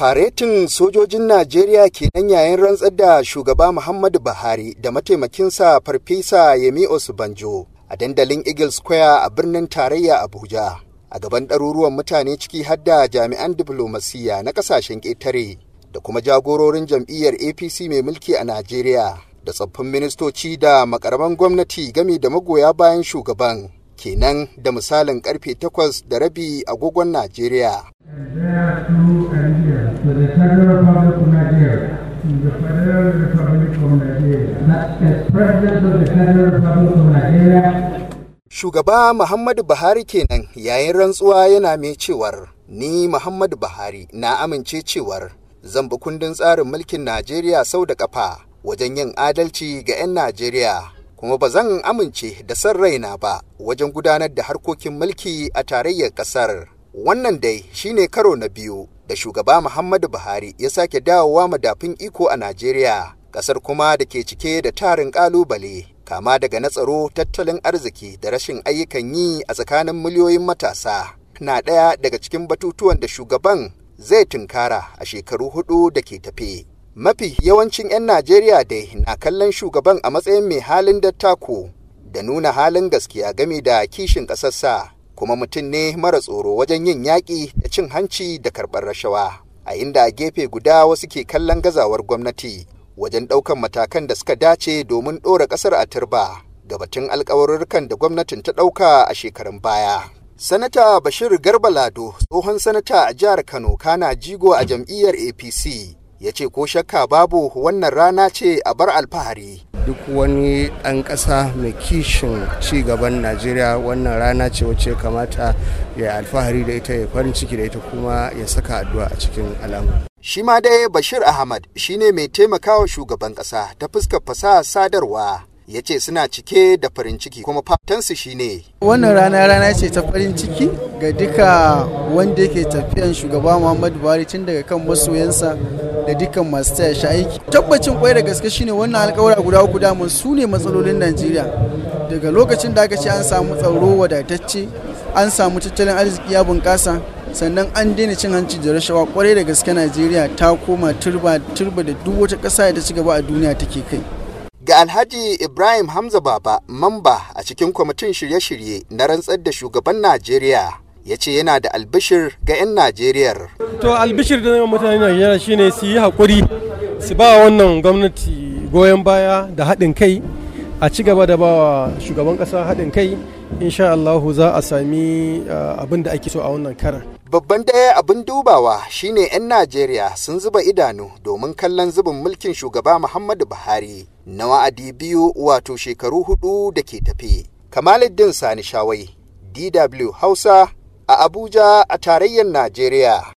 faretin sojojin najeriya kenan yayin rantsar da shugaba muhammadu buhari da mataimakinsa farfesa yemi osubanjo a dandalin eagle square a birnin tarayya abuja a gaban ɗaruruwan mutane ciki har da jami'an diplomasiya na ƙasashen ƙetare da kuma jagororin jam'iyyar apc mai mulki a najeriya da tsoffin ministoci da makaraman gwamnati game da magoya bayan shugaban kenan da misalin karfe takwas da rabi agogon najeriya Federal Republic of Nigeria. The Federal Republic of Nigeria. President of the Federal Republic of Nigeria. Shugaba Muhammadu Buhari kenan yayin rantsuwa yana mai cewar ni Muhammadu Buhari na amince cewar zan bi kundin tsarin mulkin Najeriya sau da kafa wajen yin adalci ga 'yan Najeriya kuma ba zan amince da san raina ba wajen gudanar da harkokin mulki a tarayyar ƙasar. Wannan dai shine karo na biyu da shugaba Muhammadu Buhari ya sake dawowa madafin iko a Najeriya, ƙasar kuma da ke cike da tarin ƙalubale, kama daga na tsaro, tattalin arziki da rashin ayyukan yi a tsakanin miliyoyin matasa. Na ɗaya daga cikin batutuwan da shugaban zai tunkara a shekaru hudu da ke tafe. Mafi yawancin 'yan Najeriya dai na kallon shugaban a matsayin mai halin dattako da nuna halin gaskiya game da kishin ƙasarsa, kuma mutum ne mara tsoro wajen yin yaƙi cin hanci da karɓar rashawa a inda gefe guda wasu ke kallon gazawar gwamnati wajen ɗaukan matakan da suka dace domin ɗora ƙasar a turba ga batun alkawarurrukan da gwamnatin ta ɗauka a shekarun baya. Sanata Bashir Garba Lado, tsohon sanata a jihar Kano, kana jigo a jam'iyyar APC, ya ce ko shakka babu wannan rana ce a bar alfahari duk wani ɗan ƙasa mai kishin ci gaban najeriya wannan rana ce wacce kamata ya alfahari da ita ya farin ciki da ita kuma ya saka addu'a a cikin al'amu shi ma dai bashir ahmad shine mai taimakawa shugaban ƙasa ta fuskar fasaha sadarwa ya ce suna cike da farin ciki kuma fatansu shine wannan rana rana ce ta farin ciki ga duka wanda yake tafiyan shugaba muhammadu buhari tun daga kan masoyansa da dukkan masu taya shi aiki tabbacin kwai da gaske shine wannan alkawura guda uku damun su ne matsalolin najeriya daga lokacin da aka ce an samu tsaro wadatacce an samu tattalin arziki ya bunƙasa sannan an daina cin hanci da rashawa kwarai da gaske najeriya ta koma turba turba da duk wata ƙasa da ta ci gaba a duniya take kai ga alhaji ibrahim hamza baba mamba a cikin kwamitin shirye-shirye na rantsar da shugaban najeriya ya ce yana da albishir ga 'yan najeriyar to albishir da mutane najeriya shine su yi haƙuri su ba wannan gwamnati goyon baya da haɗin kai a ci gaba da bawa shugaban ƙasa haɗin kai insha Allahu za a sami eh, abin da ake so a wannan karan babban daya abin dubawa shine 'yan najeriya sun zuba idanu domin kallon zubin mulkin shugaba muhammadu buhari na wa'adi biyu wato shekaru hudu da ke tafe kamaluddin sani shawai dw hausa a abuja a tarayyar najeriya